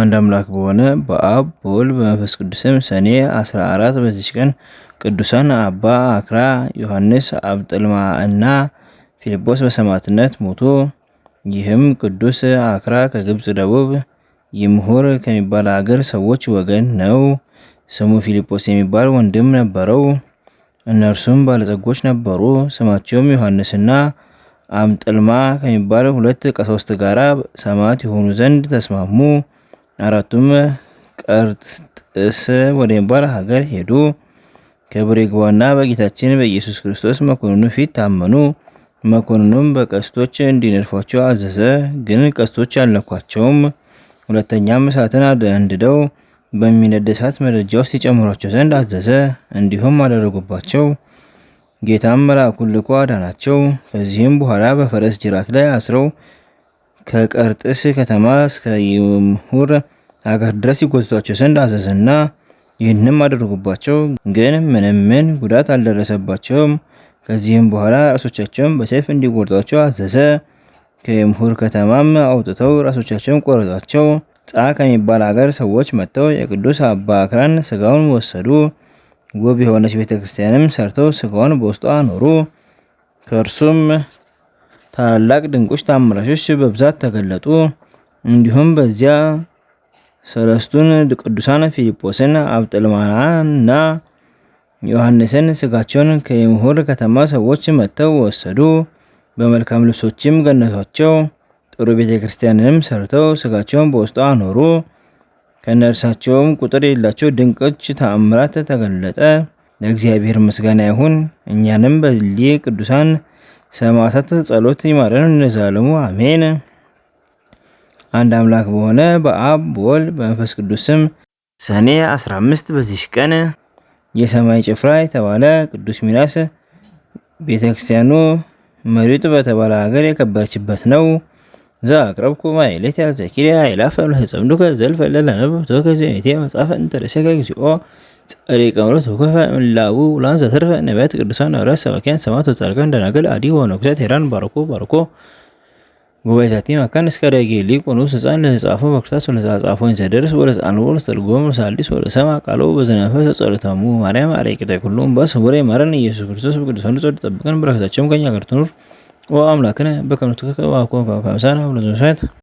አንድ አምላክ በሆነ በአብ በወልድ በመንፈስ ቅዱስም ሰኔ 14 በዚች ቀን ቅዱሳን አባ አክራ፣ ዮሐንስ አብጥልማ እና ፊልጶስ በሰማዕትነት ሞቱ። ይህም ቅዱስ አክራ ከግብፅ ደቡብ ይምሁር ከሚባል አገር ሰዎች ወገን ነው። ስሙ ፊልጶስ የሚባል ወንድም ነበረው። እነርሱም ባለጸጎች ነበሩ። ስማቸውም ዮሐንስና አብጥልማ ከሚባል ሁለት ቀሳውስት ጋራ ሰማዕት የሆኑ ዘንድ ተስማሙ። አራቱም ቀርጥስ ወደሚባል ሀገር ሄዱ። ከብሬግዋና በጌታችን በኢየሱስ ክርስቶስ መኮንኑ ፊት ታመኑ። መኮንኑም በቀስቶች እንዲነድፏቸው አዘዘ። ግን ቀስቶች አልነኳቸውም። ሁለተኛም እሳትን አንድደው በሚነድ እሳት መደጃ ውስጥ ይጨምሯቸው ዘንድ አዘዘ። እንዲሁም አደረጉባቸው። ጌታም መልአኩን ልኮ አዳናቸው። ከዚህም በኋላ በፈረስ ጅራት ላይ አስረው ከቀርጥስ ከተማ እስከ ይምሁር አገር ድረስ ይጎትቷቸው ዘንድ አዘዘና ይህንም አደረጉባቸው፣ ግን ምንም ምን ጉዳት አልደረሰባቸውም። ከዚህም በኋላ ራሶቻቸውን በሰይፍ እንዲቆርጧቸው አዘዘ። ከየምሁር ከተማም አውጥተው ራሶቻቸውን ቆረጧቸው። ጻ ከሚባል አገር ሰዎች መጥተው የቅዱስ አባ አክራን ስጋውን ወሰዱ። ውብ የሆነች ቤተ ክርስቲያንም ሰርተው ስጋውን በውስጧ አኖሩ። ከእርሱም ታላላቅ ድንቆች ተአምራቶች በብዛት ተገለጡ። እንዲሁም በዚያ ሰለስቱን ቅዱሳን ፊልጶስን፣ አብጥልማናን እና ዮሐንስን ስጋቸውን ከኤምሁር ከተማ ሰዎች መጥተው ወሰዱ። በመልካም ልብሶችም ገነቷቸው። ጥሩ ቤተ ክርስቲያንንም ሰርተው ስጋቸውን በውስጡ አኖሩ። ከነርሳቸውም ቁጥር የሌላቸው ድንቆች ተአምራት ተገለጠ። ለእግዚአብሔር ምስጋና ይሁን። እኛንም በሊ ቅዱሳን ሰማዕታት ጸሎት ይማረን ለዘላለሙ አሜን። አንድ አምላክ በሆነ በአብ በወልድ በመንፈስ ቅዱስ ስም ሰኔ 15 በዚህ ቀን የሰማይ ጭፍራ የተባለ ቅዱስ ሚናስ ቤተክርስቲያኑ መሪጥ በተባለ ሀገር የከበረችበት ነው። ዛ አቅረብኩ ማይሌት ያዘኪሪያ ይላፈ ለተጸምዱከ ዘልፈለለነብቶ ከዚቴ መጽሐፈ እንተረሰከ ግዚኦ ጸሬ ቀምሮት ወኮፈ እምላቡ ላንሰ ተርፈ ነቢያት ቅዱሳን ሐዋርያት ሰባኪያን ሰማዕት ወጻድቃን ደናግል አዲ ወነኮሳት ሄራን ባርኮ ባርኮ ጉባኤ ሳቲ መካን እስከ ደጌ ሊቁኑ ህፃን ለተጻፈ በክርታስ ጻፎ ዘደርስ ወለስ ወለ ተልጎም ሳሊስ ወለ ሰማ ቃሎ በዘናፈ ተጸሎታሙ ማርያም አረቂተ ኩሉም በስ ወሬ ማረን ኢየሱስ ክርስቶስ በቅዱሳን ጸሎት ጠብቀን በረከታቸውም ከኛ ጋር ትኑር ወአምላክነ በከመ ትከከ ወአኮ ከመ